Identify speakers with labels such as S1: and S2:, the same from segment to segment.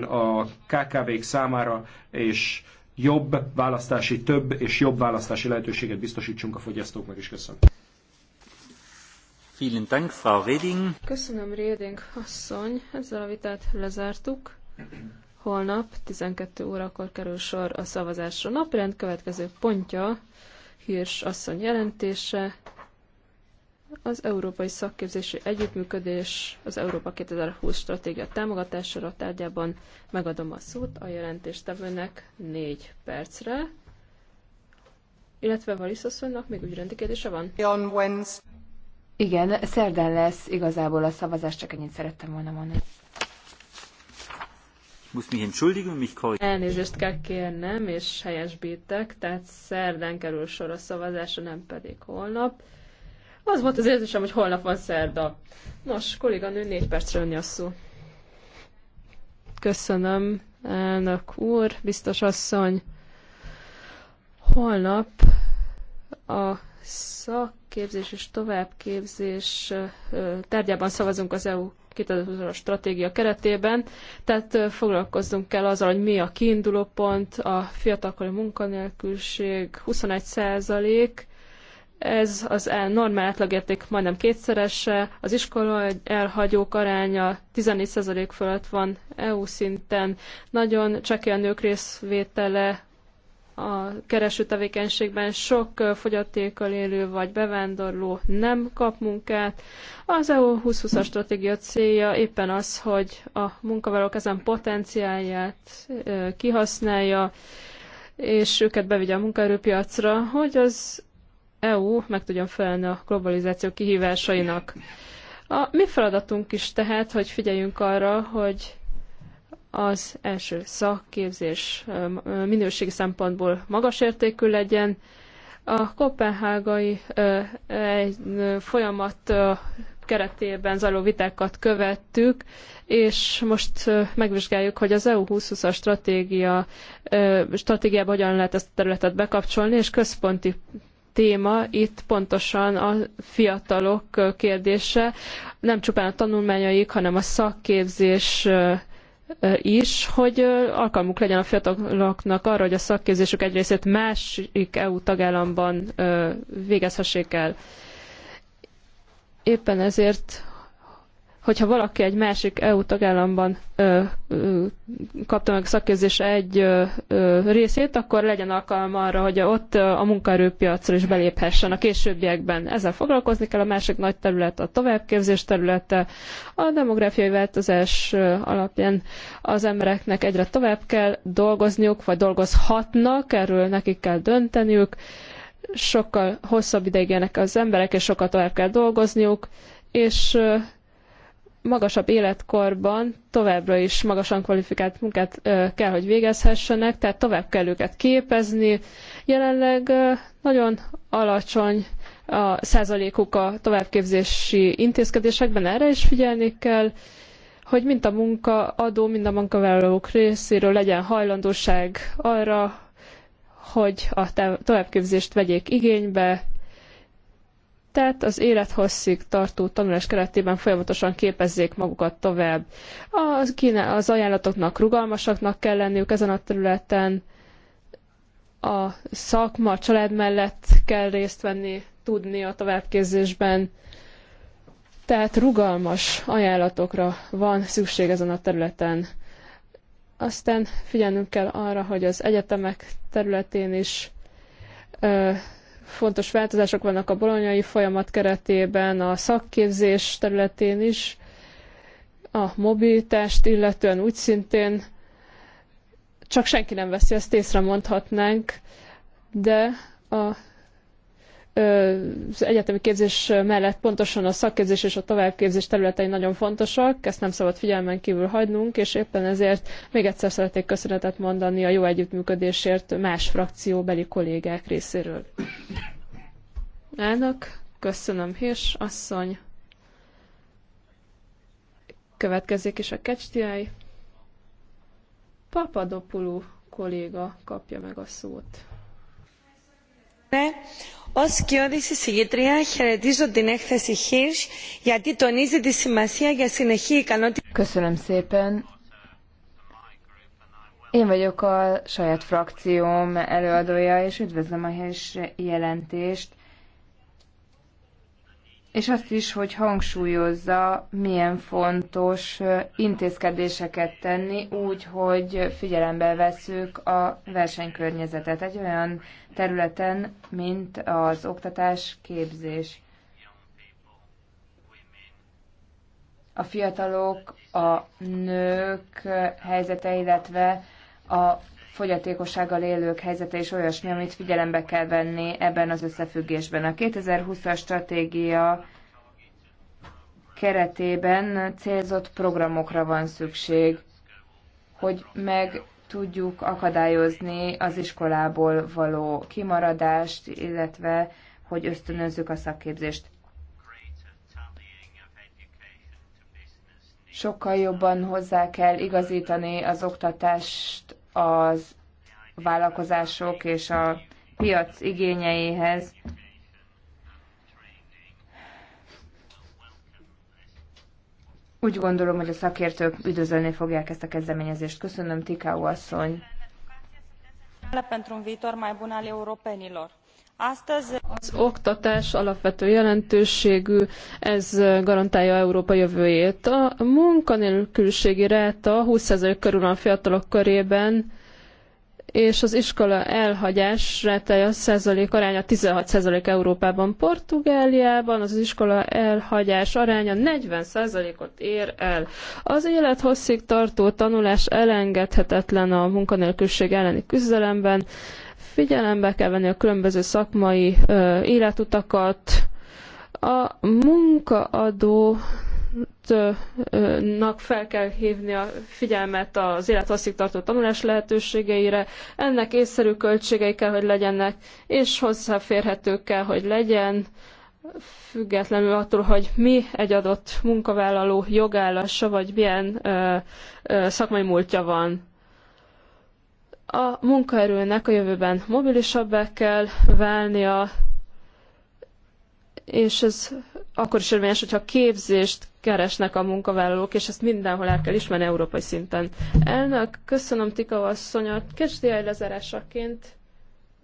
S1: a KKV-k számára, és jobb választási, több és jobb választási lehetőséget biztosítsunk a fogyasztóknak is. Köszönöm. Vielen Dank, Frau Reding.
S2: Köszönöm, Reding asszony. Ezzel a vitát lezártuk. Holnap 12 órakor kerül sor a szavazásra. Naprend következő pontja, Hírs asszony jelentése, az Európai Szakképzési Együttműködés az Európa 2020 stratégia támogatására tárgyában megadom a szót a jelentéstevőnek négy percre, illetve Valiszasszonynak még ügyrendi kérdése van.
S3: Igen, szerdán lesz igazából a szavazás, csak ennyit szerettem volna mondani.
S2: Elnézést kell kérnem, és helyesbítek, tehát szerdán kerül sor a szavazásra, nem pedig holnap. Az volt az érzésem, hogy holnap van szerda. Nos, kolléganő, négy percre önni a szó. Köszönöm, elnök úr, biztos asszony. Holnap a szakképzés és továbbképzés tárgyában szavazunk az EU 2020-as stratégia keretében, tehát foglalkozzunk kell azzal, hogy mi a kiinduló pont, a fiatalkori munkanélküliség 21 százalék, ez az e normál átlagérték majdnem kétszerese, az iskola elhagyók aránya 14% fölött van EU szinten, nagyon csekély a nők részvétele a kereső tevékenységben sok fogyatékkal élő vagy bevándorló nem kap munkát. Az EU 2020-as stratégia célja éppen az, hogy a munkavállalók ezen potenciálját kihasználja, és őket bevigye a munkaerőpiacra, hogy az EU meg tudjon felelni a globalizáció kihívásainak. A mi feladatunk is tehát, hogy figyeljünk arra, hogy az első szakképzés minőségi szempontból magas értékű legyen, a kopenhágai egy folyamat keretében zajló vitákat követtük, és most megvizsgáljuk, hogy az EU 2020-as stratégia, stratégiába hogyan lehet ezt a területet bekapcsolni, és központi téma itt pontosan a fiatalok kérdése, nem csupán a tanulmányaik, hanem a szakképzés is, hogy alkalmuk legyen a fiataloknak arra, hogy a szakképzésük egy részét másik EU tagállamban végezhessék el. Éppen ezért hogyha valaki egy másik EU tagállamban ö, ö, kapta meg szakképzésre egy ö, ö, részét, akkor legyen alkalma arra, hogy ott a munkaerőpiacra is beléphessen a későbbiekben. Ezzel foglalkozni kell a másik nagy terület, a továbbképzés területe. A demográfiai változás alapján az embereknek egyre tovább kell dolgozniuk, vagy dolgozhatnak, erről nekik kell dönteniük. Sokkal hosszabb ideig az emberek, és sokkal tovább kell dolgozniuk, és magasabb életkorban továbbra is magasan kvalifikált munkát kell, hogy végezhessenek, tehát tovább kell őket képezni. Jelenleg nagyon alacsony a százalékuk a továbbképzési intézkedésekben, erre is figyelni kell, hogy mind a munkaadó, mind a munkavállalók részéről legyen hajlandóság arra, hogy a továbbképzést vegyék igénybe, tehát az élethosszig tartó tanulás keretében folyamatosan képezzék magukat tovább. Az, az ajánlatoknak rugalmasaknak kell lenniük ezen a területen, a szakma, a család mellett kell részt venni, tudni a továbbképzésben, tehát rugalmas ajánlatokra van szükség ezen a területen. Aztán figyelnünk kell arra, hogy az egyetemek területén is Fontos változások vannak a bolonyai folyamat keretében, a szakképzés területén is, a mobilitást illetően úgy szintén, csak senki nem veszi ezt észre mondhatnánk, de a az egyetemi képzés mellett pontosan a szakképzés és a továbbképzés területei nagyon fontosak, ezt nem szabad figyelmen kívül hagynunk, és éppen ezért még egyszer szeretnék köszönetet mondani a jó együttműködésért más frakcióbeli kollégák részéről. Elnök, köszönöm, Hirs asszony. Következik is a kecstiáj. Papadopoulou kolléga kapja meg a szót.
S3: Ως σκιώδης εισηγήτρια χαιρετίζω την έκθεση Hirsch γιατί τονίζει τη σημασία για συνεχή ικανότητα. Köszönöm szépen. Én vagyok a saját frakcióm előadója, és üdvözlöm a Hirsch jelentést és azt is, hogy hangsúlyozza, milyen fontos intézkedéseket tenni, úgy, hogy figyelembe veszük a versenykörnyezetet egy olyan területen, mint az oktatás, képzés. A fiatalok, a nők helyzete, illetve a fogyatékossággal élők helyzete és olyasmi, amit figyelembe kell venni ebben az összefüggésben. A 2020-as stratégia keretében célzott programokra van szükség, hogy meg tudjuk akadályozni az iskolából való kimaradást, illetve hogy ösztönözzük a szakképzést. Sokkal jobban hozzá kell igazítani az oktatást az vállalkozások és a piac igényeihez. Úgy gondolom, hogy a szakértők üdvözölni fogják ezt a kezdeményezést. Köszönöm, Tikau asszony. pentru un viitor mai bun al az
S2: oktatás alapvető jelentőségű, ez garantálja Európa jövőjét. A munkanélküliségi ráta 20% körül van a fiatalok körében, és az iskola elhagyás rátája százalék aránya 16 százalék Európában. Portugáliában az iskola elhagyás aránya 40 százalékot ér el. Az élethosszig tartó tanulás elengedhetetlen a munkanélküliség elleni küzdelemben, Figyelembe kell venni a különböző szakmai ö, életutakat. A munkaadónak fel kell hívni a figyelmet az tartó tanulás lehetőségeire, ennek észszerű költségei kell, hogy legyenek, és hozzáférhető kell, hogy legyen, függetlenül attól, hogy mi egy adott munkavállaló jogállása, vagy milyen ö, ö, szakmai múltja van. A munkaerőnek a jövőben mobilisabbá kell válnia, és ez akkor is érvényes, hogyha képzést keresnek a munkavállalók, és ezt mindenhol el kell ismerni európai szinten. Elnök, köszönöm Tika asszony, a el lezárásaként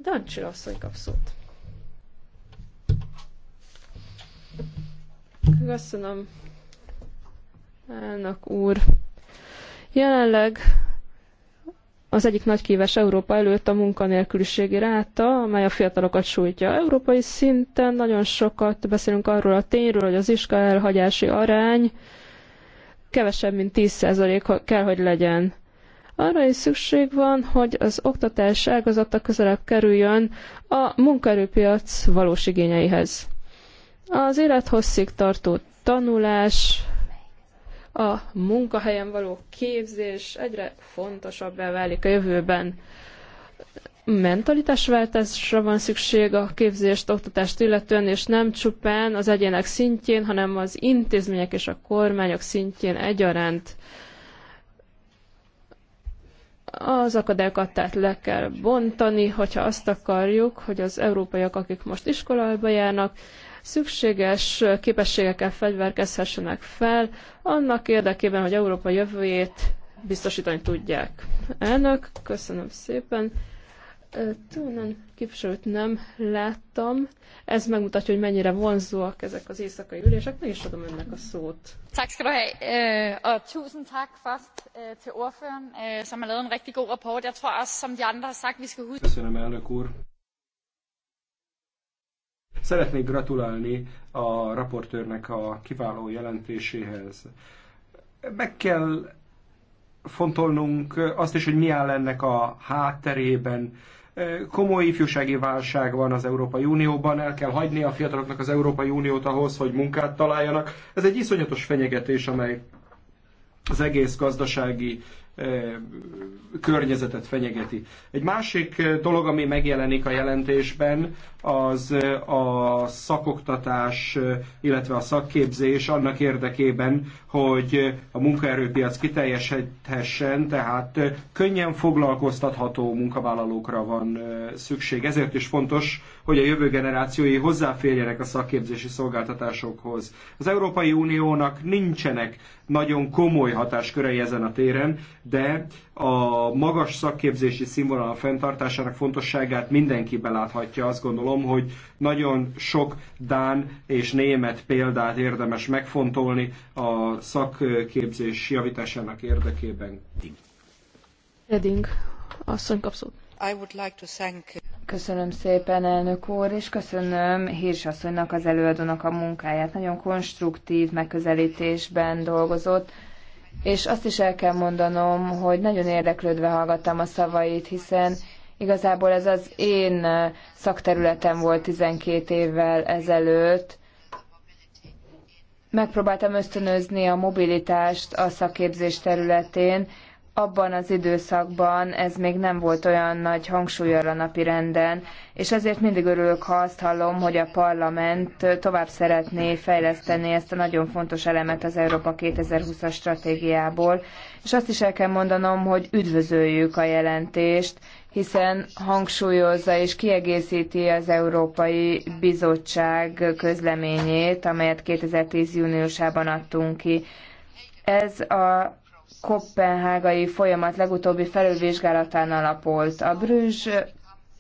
S2: Dancsi asszony kap szót. Köszönöm, elnök úr. Jelenleg az egyik nagy kívás Európa előtt a munkanélküliségi ráta, amely a fiatalokat sújtja. Európai szinten nagyon sokat beszélünk arról a tényről, hogy az iskola elhagyási arány kevesebb, mint 10% kell, hogy legyen. Arra is szükség van, hogy az oktatás ágazata közelebb kerüljön a munkaerőpiac valós igényeihez. Az élethosszig tartó tanulás, a munkahelyen való képzés egyre fontosabbá válik a jövőben. Mentalitásváltásra van szükség a képzést, oktatást illetően, és nem csupán az egyének szintjén, hanem az intézmények és a kormányok szintjén egyaránt az akadályokat tehát le kell bontani, hogyha azt akarjuk, hogy az európaiak, akik most iskolába járnak, szükséges képességekkel fegyverkezhessenek fel, annak érdekében, hogy Európa jövőjét biztosítani tudják. Elnök, köszönöm szépen. Tónan képviselőt nem láttam. Ez megmutatja, hogy mennyire vonzóak ezek az éjszakai ülések. Meg is adom önnek a szót. Tak skal du have, øh, og tusind tak først øh, til ordføreren, øh, som har lavet en rigtig god rapport. Jeg tror også, som de andre har sagt, vi skal huske...
S1: Köszönöm, elnök úr. Szeretnék gratulálni a raportőrnek a kiváló jelentéséhez. Meg kell fontolnunk azt is, hogy mi áll ennek a hátterében. Komoly ifjúsági válság van az Európai Unióban, el kell hagyni a fiataloknak az Európai Uniót ahhoz, hogy munkát találjanak. Ez egy iszonyatos fenyegetés, amely az egész gazdasági környezetet fenyegeti. Egy másik dolog, ami megjelenik a jelentésben, az a szakoktatás, illetve a szakképzés annak érdekében, hogy a munkaerőpiac kiteljesedhessen, tehát könnyen foglalkoztatható munkavállalókra van szükség. Ezért is fontos, hogy a jövő generációi hozzáférjenek a szakképzési szolgáltatásokhoz. Az Európai Uniónak nincsenek nagyon komoly hatáskörei ezen a téren, de a magas szakképzési színvonal fenntartásának fontosságát mindenki beláthatja. Azt gondolom, hogy nagyon sok Dán és német példát érdemes megfontolni a szakképzés javításának érdekében.
S3: Reding, asszony kapszott. I would like to thank... Köszönöm szépen, elnök úr, és köszönöm Hírs asszonynak, az előadónak a munkáját. Nagyon konstruktív megközelítésben dolgozott és azt is el kell mondanom, hogy nagyon érdeklődve hallgattam a szavait, hiszen igazából ez az én szakterületem volt 12 évvel ezelőtt. Megpróbáltam ösztönözni a mobilitást a szakképzés területén, abban az időszakban ez még nem volt olyan nagy hangsúlyal a napi renden, és ezért mindig örülök, ha azt hallom, hogy a parlament tovább szeretné fejleszteni ezt a nagyon fontos elemet az Európa 2020-as stratégiából. És azt is el kell mondanom, hogy üdvözöljük a jelentést, hiszen hangsúlyozza és kiegészíti az Európai Bizottság közleményét, amelyet 2010. júniusában adtunk ki. Ez a kopenhágai folyamat legutóbbi felülvizsgálatán alapolt. A Brüzs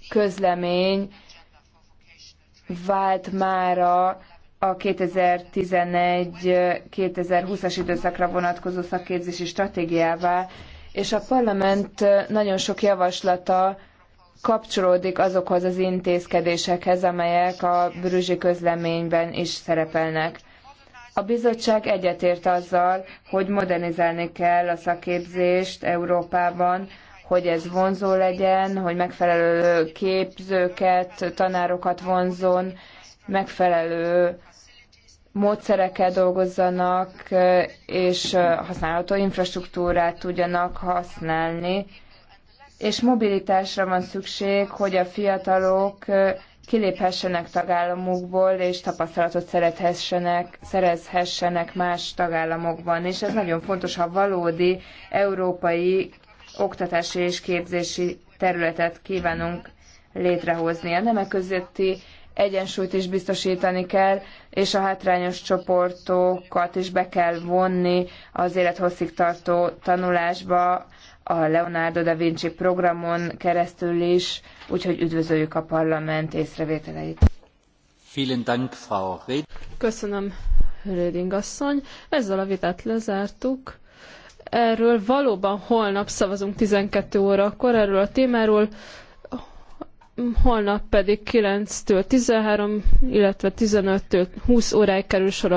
S3: közlemény vált mára a 2011-2020-as időszakra vonatkozó szakképzési stratégiává, és a parlament nagyon sok javaslata kapcsolódik azokhoz az intézkedésekhez, amelyek a brüzsi közleményben is szerepelnek. A bizottság egyetért azzal, hogy modernizálni kell a szakképzést Európában, hogy ez vonzó legyen, hogy megfelelő képzőket, tanárokat vonzon, megfelelő módszerekkel dolgozzanak, és használható infrastruktúrát tudjanak használni, és mobilitásra van szükség, hogy a fiatalok kiléphessenek tagállamukból, és tapasztalatot szerezhessenek, szerezhessenek más tagállamokban. És ez nagyon fontos, ha valódi európai oktatási és képzési területet kívánunk létrehozni. A nemek közötti egyensúlyt is biztosítani kell, és a hátrányos csoportokat is be kell vonni az élethosszig tartó tanulásba, a Leonardo da Vinci programon keresztül is, úgyhogy üdvözöljük a parlament észrevételeit. Köszönöm, Reding
S2: asszony. Ezzel a vitát lezártuk. Erről valóban holnap szavazunk 12 órakor, erről a témáról holnap pedig 9-től 13, illetve 15-től 20 óráig kerül sor az